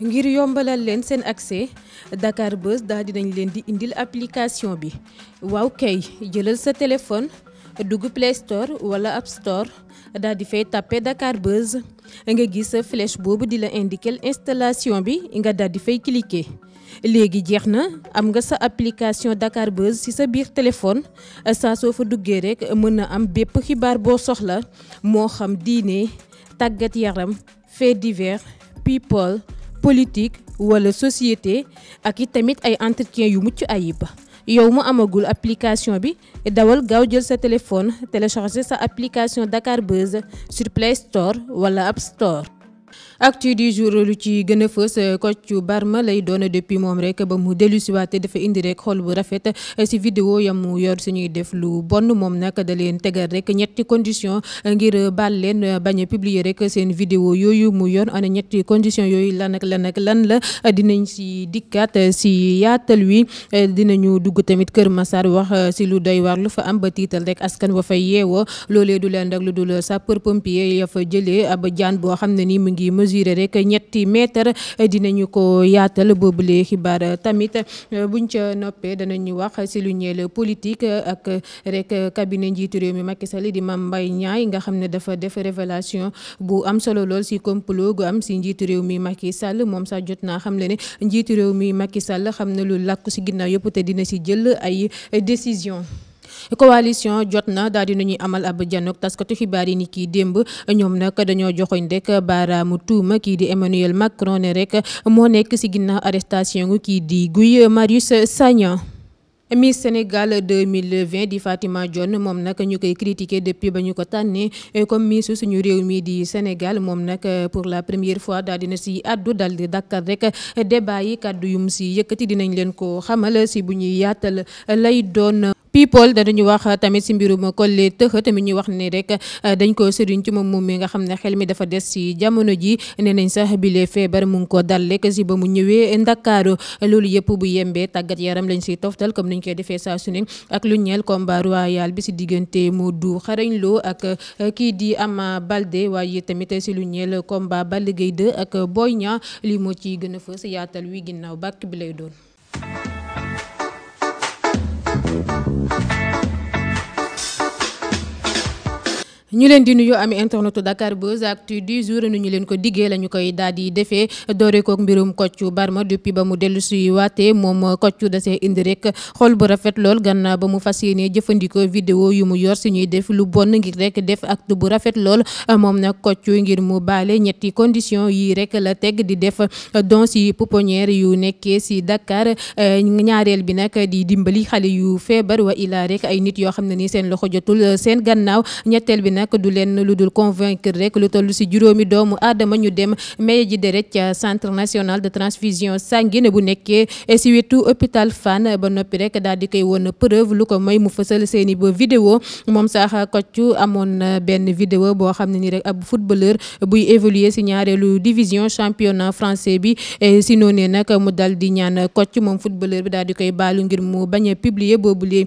ngir yombalal leen seen accès Dakar Buzz di dinañ leen di indil application bi waaw kay jëlal sa téléphone dugg Play Store wala App Store daal di fay tapé Dakar Buzz nga gis sa flèche boobu di la indiquer installation bi nga dal di fay cliquer. léegi jeex na am nga sa application Dakar Buzz ci sa biir téléphone saa soo fa duggee rekk mën na am bépp xibaar boo soxla moo xam diine tàggat yaram fait divers people politique wala société ak it tamit ay entretien yu mucc ayib yow mu amagul application bi dawal gaaw jël sa téléphone télécharger sa application Dakar Buzz sur Play wala App Store. actu du jour lu ci gën a fës Kocc euh, Barma lay doon depuis moom rek ba mu dellu si waate dafa indi rek xol bu rafet euh, si vidéo yam mu yor ñuy def lu bon moom nag da leen tegal rek ñetti condition euh, ngir bal leen baña a publier rek seen vidéo yooyu mu yor ana ñetti condition yooyu lan ak lan ak lan la dinañ si dikkaat si yaatal wi dinañu dugg tamit Kër Massar wax si lu doy war lu fa am ba tiital rek askan wa fa yeewoo loolee du leen rek lu dul sapeur mesuré rek ñetti mètre dinañu ko yaatal boobule xibaar tamit bu euh, buñ ca noppee ñu wax si lu ñeel politique ak rek cabinet njiitu réew mi Macky Sall di Mame Mbaye Niang nga xam ne dafa def bu am solo lool si complot am si njiitu réew mi Macky Sall moom sax jot naa xam le ne njiitu réew mi Macky Sall xam na lu làkku si ginnaaw yëpp te dina si jël ay décision coalition jot na daal di nañuy amal ab janook taskatu xibaar yi ni kii démb ñoom nag dañoo joxoñ rek baaraamu tuuma kii di Emmanuel Macron ne rek moo nekk si ginna arrestation gu kii di Guy Marius Sagna Miss Sénégal 2020 di fatiment Dione moom nag ñu koy critiqué depuis ba ñu ko tànnee comme Miss suñu réew mii di Sénégal moom nag pour la première fois daal dina si àddu dal di dakkal rek débat yi kàddu yum si yëkkati dinañ leen ko xamal si bu ñuy yaatal lay doon people da dañu wax tamit si mbirum Collé Tëxa tamit ñu wax ni rek euh, dañ ko sëriñ ci moom moom mi nga xam ne xel mi dafa des si jamono ji ne nañ sax bile feebar mu ngi ko dal rek si ba mu ñëwee Ndakaaru loolu yëpp bu yembee tàggat yaram lañu siy toftal comme niñ koy defee saa su ak lu ñeel combat royal bi si diggante Modou Xarañ Lo ak euh, kii di am Baldé waaye tamit si lu ñeel combat Balla Gaye 2 ak Boy Niang lii moo ciy gën a fës yaatal wi ginnaaw bàkk bi lay doon ñu leen di nuyu ami internetu Dakar Buzz actu du jour nu ñu leen ko diggee la ñu koy daal di defee doore kook mbirum Kocc Barma depuis ba mu dellu si waatee moom Kocc dasee indi rek xool bu rafet lool gannaaw ba mu fas yéenee jëfandikoo vidéo yu mu yor si ñuy def lu bon ngir rek def ak bu rafet lool moom nag Kocc ngir mu baale ñetti condition yi rek la teg di def donc si pouponnière yu nekkee si Dakar ñaareel bi nag di dimbali xale yu feebar wa ilaa rek ay nit yoo xam ne ni seen loxo jotul seen gannaaw ñetteel bi nag du leen lu dul convaincre rek lu tollu si juróomi doomu aadama ñu dem maye ji deret centre national de transfusion sanguine bu nekkee si wetu hôpital fan ba noppi rek daal di koy woon preuve lu ko moy mu fësal seeni ba vidéo moom sax kocc amoon benn vidéo boo xam ne ni rek ab footballeur buy évoluer si ñaareelu division championnat français bi e si noonee nag mu dal di ñaan kocc moom footballeur bi daal di koy balu ngir mu bañ a publier boobu lee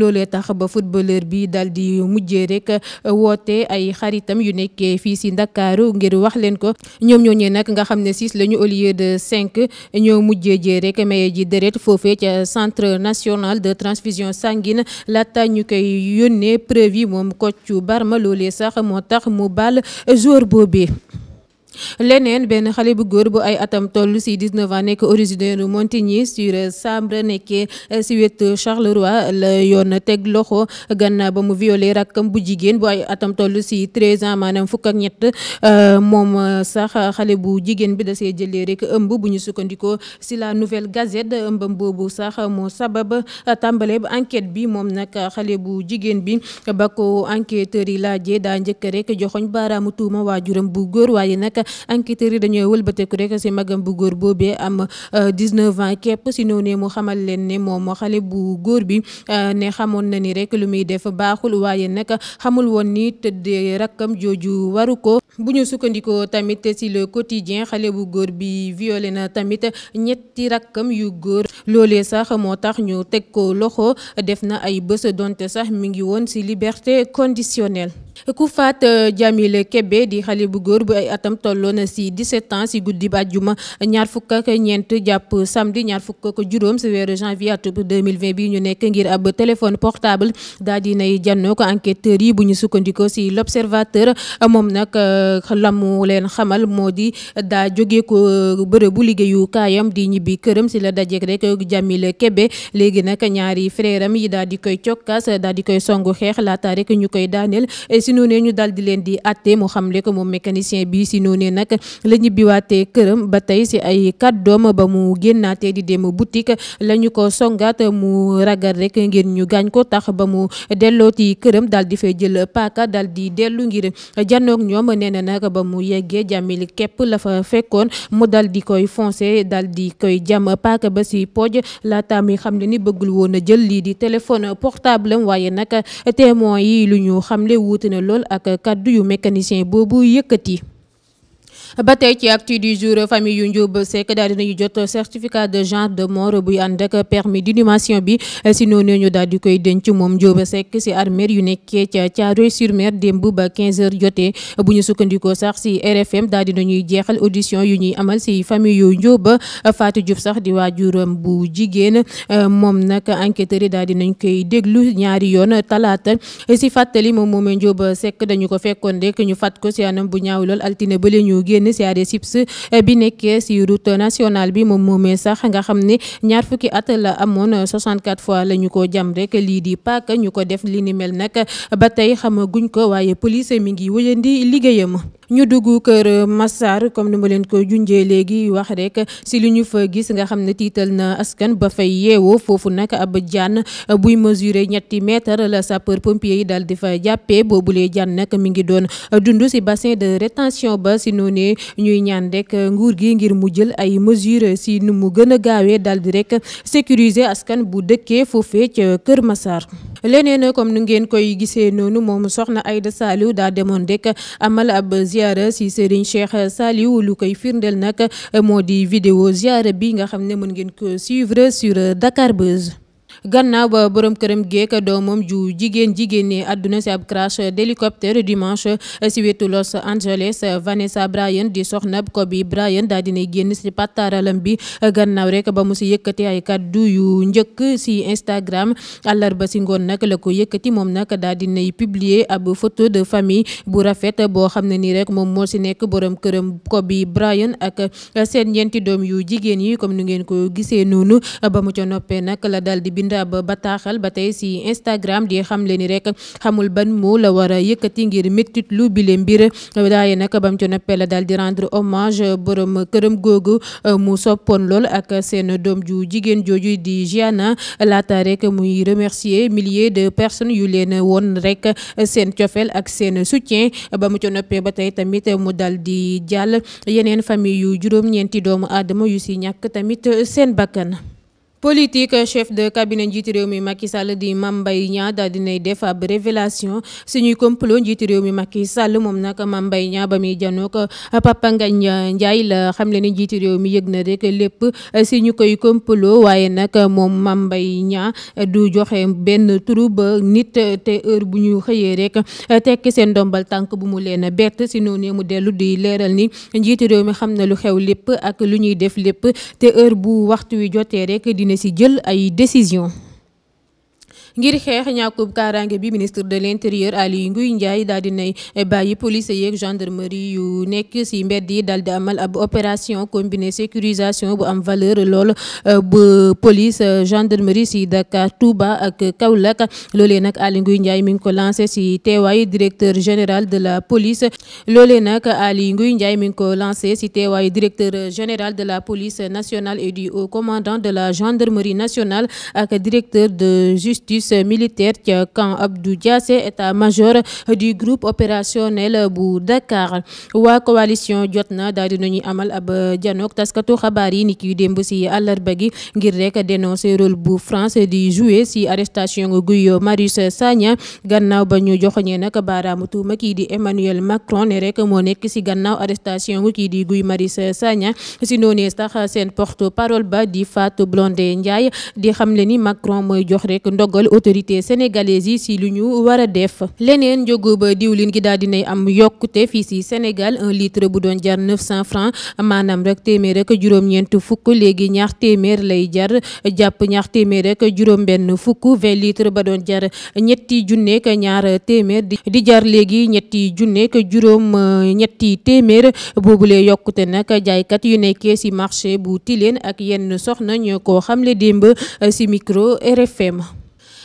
ko loolee tax ba footballeur bi dal di mujjee rek euh, woote ay xaritam yu nekkee fii si ndakaar ngir wax leen ko ñoom ñooñee nag nga xam ne six lañu au lieu de cinq ñoo mujjee je rek maye ji deret foofee ca centre nationale de transfusion sanguine laata ñu koy yónnee preuve yi moom Kocc Barma loolee sax moo tax mu baal joueur boobee leneen benn xale bu góor bu ay atam toll si 19 ans nekk originaire Montigny sur Sambre nekkee si wet Charleroi la yoon teg loxo gannaaw ba mu violé rakkam bu jigéen bu atam toll si 13 ans maanaam fukk ak ñett euh, moom sax xale bu jigéen bi da see jëlee rek ëmb bu ñu sukkandikoo si la nouvelle gazette ëmbam boobu sax moo sabab tàmbale ba enquête bi moom nag xale bu jigéen bi ba ko enquêteurs yi laajee daa njëkk rek joxoñ baaraamu tuuma bu góor waaye nag enquêteurs yi dañoo wëlbateeku rek si magam bu góor boobee am 19 euh, ans képp si noonu mu xamal leen ne moom xale bu góor bi euh, ne xamoon na ni rek lu muy def baaxul waaye nag xamul woon ni tëddee rakkam jooju waru ko bu ñu sukkandikoo tamit si le quotidien xale bu góor bi violé na tamit ñetti rakkam yu góor loole sax moo tax ñu teg ko loxo def na ay bës donte sax mu ngi woon si liberté conditionnelle ku faat euh, Jamil Kebe di xale bu góor bu ay atam tolloon si 17 ans si guddi àjjuma ñaar fukk ak ñeent jàpp samedi ñaar fukk ak juróom si weeru janvier atum 2020 bi ñu nekk ngir ab téléphone portable daal di nay jànnoo ko enquêteurs yi bu ñu sukkandikoo si l'observateur moom nag euh, la leen xamal moo di daa jóge ko euh, bërëbu liggéeyu kaayam di ñibbi këram si la dajeek rek Jamil Kebe léegi nag ñaari frèram yi daal di koy cokkaas daal di koy songu xeex laata ñu koy daaneel si noonee ñu daal di leen di atte mu xamle ko moom mécanicien bi si noonee nag la ñibbiwaatee këram ba tey si ay kàddoom ba mu génnaatee di dem boutique lañu ñu ko songaat mu ragal rek ngir ñu gaañ ko tax ba mu delloo ti këram daal di fay jël paaka daal di dellu ngir janook ñoom nee na nag ba mu yeggee jàmmili képp lafa fekkoon mu dal di koy foncé dal di koy jam paaka ba si pooj laata mi xam ne ni bëggul woon a jël lii di téléphone portable waaye nag témoin yi métti na lool ak kàddu yu mécanicien boobu yëkkati ba tey ci actu du jour famille yu Ndioub Seck daal dinañu jot certificat de genre de mort buy ànd ak permis d'inhumation bi si noonu ñu daal di koy denc moom Ndioub sekk si armeel yu nekkee ca Thiaroye-sur-Mer démb ba 15h jotee bu ñu sukkandikoo sax si RFM daal ñuy jeexal audition yu ñuy amal si famille yu ba Fatou Diouf sax di waajuram bu jigéen moom nag enquêteurs yi daal dinañ koy déglu ñaari yoon talaata si fattali moom moomee Ndioub Seck dañu ko fekkoon rek ñu fat ko si anam bu ñaaw lool ni si ADSIPS eh, bi nekkee si route nationale bi moom moomee sax nga xam ne ñaar fukki at la amoon 64 fois la ñu ko jam rek lii di paak ñu ko def li ni mel nag ba tey xamaguñ ko waaye police mi ngi wëyandi liggéeyam. ñu dugg kër Massar comme ni ma leen ko junjee léegi wax rek si li ñu fa gis nga xam ne tiital na askan ba fay yeewoo foofu nag ab jaan buy mesurer ñetti mètre la sapeur pompier yi dal di fa jàppee boobulee jaan nag mi ngi doon dund si bassin de rétention ba si noonee ñuy ñaan rek nguur gi ngir mu jël ay mesures si nu mu gën a gaawee daal di rek sécuriser askan bu dëkkee foofee ca kër masaar leneen comme ni ngeen koy gisee noonu moom soxna Aida Saliou daa demoon rek amal ab ziara si Serigne Cheikh Saliou lu koy firndeel nag moo di vidéo ziara bi nga xam ne mën ngeen ko suivre sur Dakar Buzz. gannaaw ba borom këram géek doomam ju jigéen jigéen ne àdduna si ab crash d'hélicoptère dimanche si wetu Los Angeles Vanessa Bryan di soxna ko bi Bryan daa dinay génn si pàttaaralam bi gannaaw rek ba mu si yëkkati ay kàddu yu njëkk si Instagram àllarba si ngoon nag la ko yëkkati moom nag daa nay publier ab photo de famille bu rafet boo xam ne nii rek moom moo si nekk borom këram ko bi Bryan ak seen ñeenti doom yu jigéen yi comme nu ngeen ko gisee noonu ba mu ca noppee nag la daal di bind ba ab bataaxal ba tey si Instagram di xamle ni rek xamul ban moo la war a yëkkati ngir méttit lu bile mbir daaye nag bam co noppee la daal di rendre hommage borom këram googu mu soppoon lool ak seen doom ju jigéen jooju di Gianna laata rek muy remercier milliers de personnes yu leen won rek seen cofeel ak seen soutien ba mu co noppee ba tey tamit mu dal di jàll yeneen famille yu juróom-ñeenti doomu aadama yu si ñàkk tamit seen bakkan politique chef de cabinet njiiti réew mi Macky Sall di mambay Mbaye Niang daal dinay def ab révélation suñuy complot njiiti réew mi Macky Sall moom nag mambay Mbaye Niang ba muy janoog Papa Ngagne Ndiaye la xam le ne njiiti réew mi yëg na rek lépp si ñu koy complot waaye nag moom Mame Mbaye Niang du joxe benn turu ba nit te heure bu ñu xëyee rek tekki seen ndombal tànk bu mu leen bett si noonu mu dellu di leeral ni njiiti réew mi xam na lu xew lépp ak lu ñuy def lépp te heure bu waxtu wi jotee rek continuer si jël ay décisions. ngir xeex ñàkkub kaaraange bi ministre de l'intérieur Aly Ngouille Ndiaye daal di nay bàyyi police yeeg gendarmerie yu nekk ci mbedd yi daal di amal ab opération combinée sécurisation bu am valeur lool euh, bu police euh, gendarmerie ci Dakar Touba ak Kaolack loolee nag Aly Ngouille Ndiaye mi ngi ko lancé si teewaayu directeur général de la police loolee nag Aly Ngouille Ndiaye mi ngi ko lancé ci teewaayu directeur général de la police nationale et du haut commandant de la gendarmerie nationale ak directeur de justice service militaire ca camp Abdou Diassé état-major du groupe opérationnel bu Dakar waa coalition jot na daal dinañuy amal ab janook euh, taskatu xabaar yi ni kiy démb si àllarba gi ngir rek dénoncer rôle bu France di jouer si arrestation Guy Marius Sagna gannaaw ba ñu joxoñee nag baaraamu tuuma kii di Emmanuel Macron ne rek moo nekk si gannaaw arrestation kii di Guy Marius Sagna si noonee sax seen porte parole ba di Fatou Blondin Ndiaye di xamle ni Macron mooy jox rek ndogal autorité sénégalaise yi si lu ñu war a def leneen njógu ba diwlin gi daal dinay am yokkute fii si Sénégal un litre bu doon jar 900 francs maanaam rek téeméer rek juróom-ñeent fukk léegi ñaar téeméer lay jar jàpp ñaar téeméer rek juróom-benn fukk 20 litre ba doon jar ñetti junneek ñaar téeméer di jar léegi ñetti junneek juróom euh, ñetti téeméer boobule yokkute nag jaaykat yu nekkee si marché bu Tilène ak yenn soxna ñoo ko xamle démb euh, si micro RFM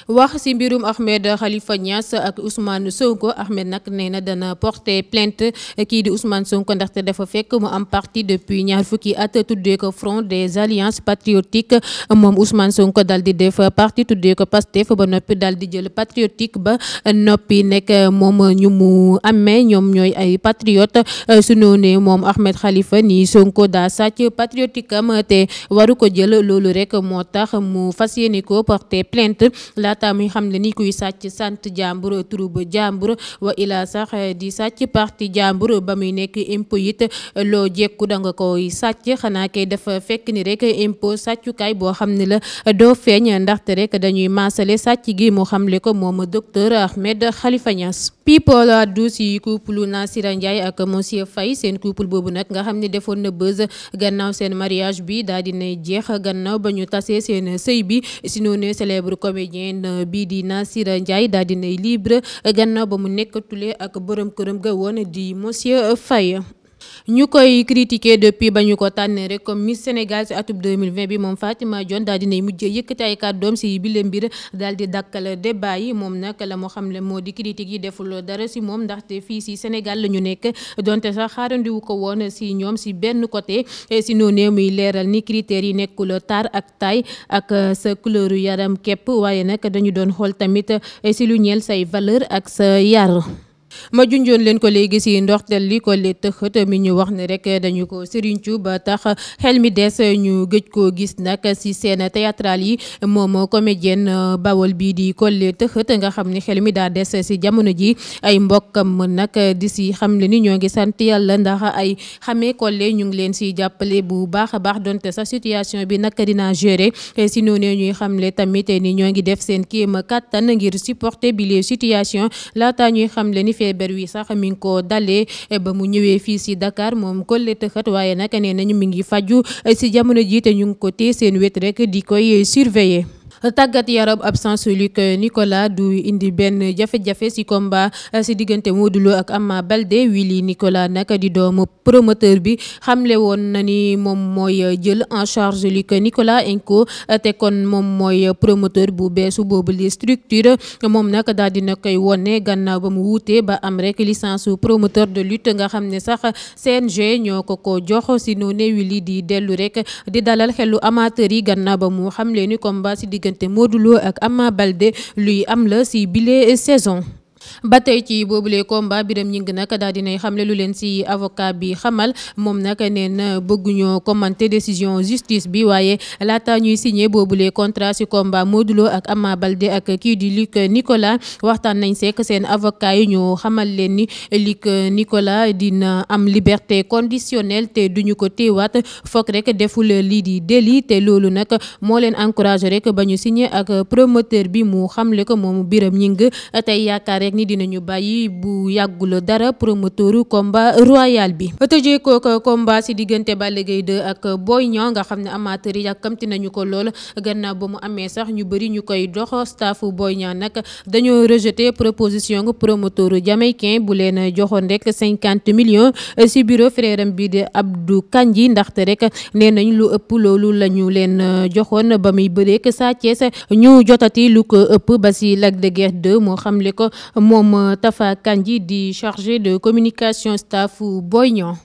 wax ci mbirum Ahmed Khalifa Niass ak Ousmane Sonko Ahmed nag nee na dana porter plainte kii di Ousmane Sonko ndaxte dafa fekk mu am parti depuis ñaar fukki at tuddee ko Front des Alliances Patriotiques moom Ousmane Sonko dal di def parti tuddee ko Pastef ba noppi dal di jël patriotique ba noppi nekk moom ñu mu amee ñoom ñooy ay patriote su noonee moom Ahmed xalifa ni Sonko daa sàcc patriotique am te waru ko jël loolu rek moo tax mu fas yéene ko porter laata muy xam ne ni kuy sàcc sant jàmbur turub jàmbur wa ilaa sax di sàcc parti jàmbur ba muy nekk impôt it loo jekku da nga koy sàcc xanaa kay dafa fekk ni rek impôt sàccukaay boo xam ne la doo feeñ ndaxte rek dañuy masale sàcc gi mu xamle ko moom docteur Ahmed Khalifa Niass people addu si couple Nasira Ndiaye ak monsieur Faye seen couple boobu nag nga xam ni defoon na gannaaw seen mariage bi daal dinay jeex gannaaw ba ñu tasee seen sëy bi si bii di Nassira Ndiaye daal dinay libre gannaaw ba mu nekkatule ak borom këram ga wone di monsieur Faye ñu koy critiquer depuis ba ñu ko tànnee rek comme mi Sénégal si atub 2020 bi moom Fatima Dione daal dinay mujjee yëkkati ay kàddoom si bile mbir daal di dàkkal débat yi moom nag la moo xam ne moo di critique yi defuloo dara si moom ndaxte fii si Sénégal la ñu nekk donte sax xaarandiwu ko woon si ñoom si benn côté si noonee muy leeral ni critères yi nekkul taar ak taay ak sa couleur yaram képp waaye nag dañu doon xool tamit si lu ñeel say valeur ak sa yar ma junjoon leen ko léegi si ndorteel li ko le tëxët mi ñu wax ne rek dañu ko sëriñcu ba tax xel mi des ñu gëj koo gis nag si seen théâtrale yi moom comédienne bawol bii di Collé tëxët nga xam ni xel mi daa des si jamono ji ay mbokkam nag di si xam le ni ñoo ngi sant yàlla ndax ay xamee Collé ñu ngi leen si jàppale bu baax a baax donte sa situation bi nag dina gérer si noonu ñuy xamle tamit ni ñoo ngi def seen kéem kattan ngir supporter bi feebar wi sax mi ngi ko dalee eh, ba mu ñëwee fii si Dakar moom Collé Teughët waaye nag nee nañu mi ngi faju eh, si jamono jiite ñu ngi ko téye seen wet rekk di koy surveiller. tàggat yaram absence Luc Nicolas du indi benn jafe-jafe ci combat ci eh, diggante Modou Lo ak Ama Baldé Willy Nicolas nag di doomu promoteur bi xamle woon na ni moom mooy jël en charge Luc Nicolas inco eh, te kon moom mooy promoteur bu beesu boobu li structure moom nag daal dina koy wone gannaaw ba mu wuutee ba am rek licence promoteur de lutte nga xam ne sax CNG ñoo ko ko jox ci noonu Willy di dellu rek di dalal xelu amateur yi gannaaw ba mu xamle ni combat diggante Modou Lo ak Ama Baldé luy am la si bile saison. ba tey ci boobule combat Birame Gningue nag daal dinay xamle lu leen si avoca bi xamal moom nag nee na bëgguñoo commenter décision justice bi waaye laata ñuy signé boobule contrat si combat Modou Lo ak Ama Baldé ak kii di Luc Nicolas waxtaan nañ seek seen avoca yi ñu xamal leen ni Luc Nicolas dina am liberté conditionnelle te duñu ko téewaat foog rek deful lii di délit te loolu nag moo leen encouragé rek ba ñu signé ak promoteur bi mu xamle ko moom Birame Gningue ni dinañu bàyyi bu yàggul dara promoteuru combat royal bi tëjee kooku combat si diggante ba Gaye 2 ak Boy Niang nga xam ne amateur yàkkamti nañu ko lool gannaaw ba mu amee sax ñu bëri ñu koy dox staffu Boy Niang nag dañoo rejeté proposition promoteuru jamaïcain bu leen joxoon rek cinquante millions si bureau frère am bi di Abdou Kandji ndaxte rek nee nañ lu ëpp loolu la ñu leen joxoon ba muy bëreek Sa Thiès ñu jotati lu ko ëpp ba si Lac de Guiers moo xamle moom euh, Tafa Kandji di chargé de communication staff Boy Niang